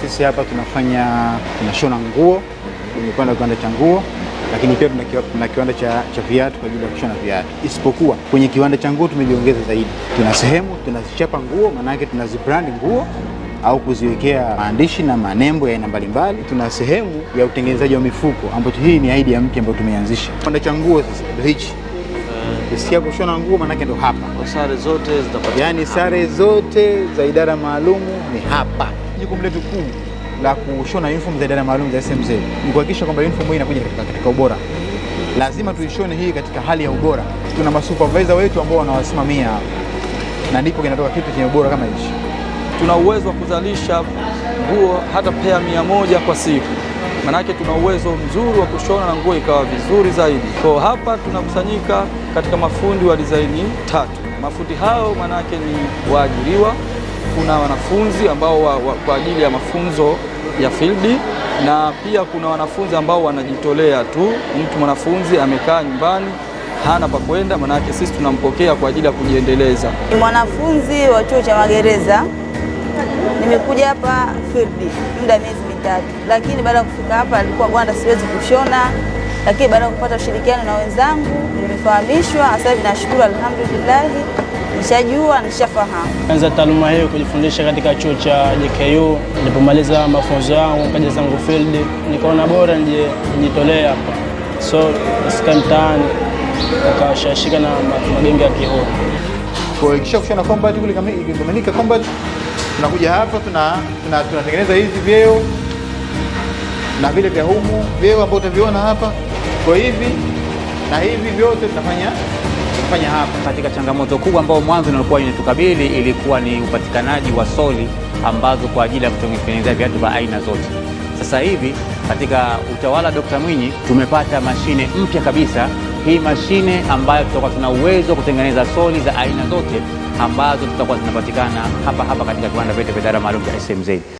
Sisi hapa tunafanya tunashona nguo kwenye upande wa kiwanda cha nguo, lakini pia tuna kiwanda cha, cha viatu kwa ajili ya kushona viatu, isipokuwa kwenye kiwanda cha nguo tumejiongeza zaidi. Tuna sehemu tunazichapa nguo, maana yake tunazibrand nguo au kuziwekea maandishi na manembo ya aina mbalimbali. Tuna sehemu ya utengenezaji wa mifuko ambacho hii ni ya mpya ambayo tumeanzisha. Kiwanda cha nguo sasa ndio hichi eh. sikia kushona nguo manake ndo hapa. Sare zote zitapatikana. Yaani sare zote za idara maalumu ni hapa. Jukumu letu kuu la kushona uniform za idara maalum za SMZ ni kuhakikisha kwamba uniform hii inakuja katika, katika ubora. Lazima tuishone hii katika hali ya ubora. Tuna masupervisor wetu ambao wanawasimamia hapa, na ndipo kinatoka kitu chenye ubora kama hichi tuna uwezo wa kuzalisha nguo hata pea mia moja kwa siku, manake tuna uwezo mzuri wa kushona na nguo ikawa vizuri zaidi. Kwa hapa tunakusanyika katika mafundi wa dizaini tatu. Mafundi hao manake ni waajiriwa, kuna wanafunzi ambao wa, wa, kwa ajili ya mafunzo ya fildi na pia kuna wanafunzi ambao wanajitolea tu. Mtu mwanafunzi amekaa nyumbani hana pa kwenda, manake sisi tunampokea kwa ajili ya kujiendeleza. Mwanafunzi wa chuo cha magereza Nimekuja hapa field muda miezi mitatu, lakini baada ya kufika hapa nilikuwa bwana, siwezi kushona, lakini baada ya kupata ushirikiano na wenzangu nimefahamishwa. Sasa hivi nashukuru, alhamdulillah, nishajua nishafahamu. Anza taaluma hiyo kujifundisha katika chuo cha JKU. Nilipomaliza mafunzo yangu kaja zangu field, nikaona bora nijitolee hapa, so sika mtaani akashashika na magenge ya kihuni kisha kushona combat kule kama ilivyoaminika combat tunakuja hapa tunatengeneza tuna, tuna hizi vyeo na vile vya humu vyeo ambao utaviona hapa kwa hivi na hivi vyote tunafanya tunafanya hapa. Katika changamoto kubwa ambayo mwanzo nilikuwa inatukabili ilikuwa ni upatikanaji wa soli ambazo kwa ajili ya kutengenezea viatu vya aina zote. Sasa hivi katika utawala wa Dkt. Mwinyi tumepata mashine mpya kabisa, hii mashine ambayo tutakuwa tuna uwezo wa kutengeneza soli za aina zote ambazo zitakuwa zinapatikana hapa hapa katika viwanda vyetu vya idara maalum ya SMZ.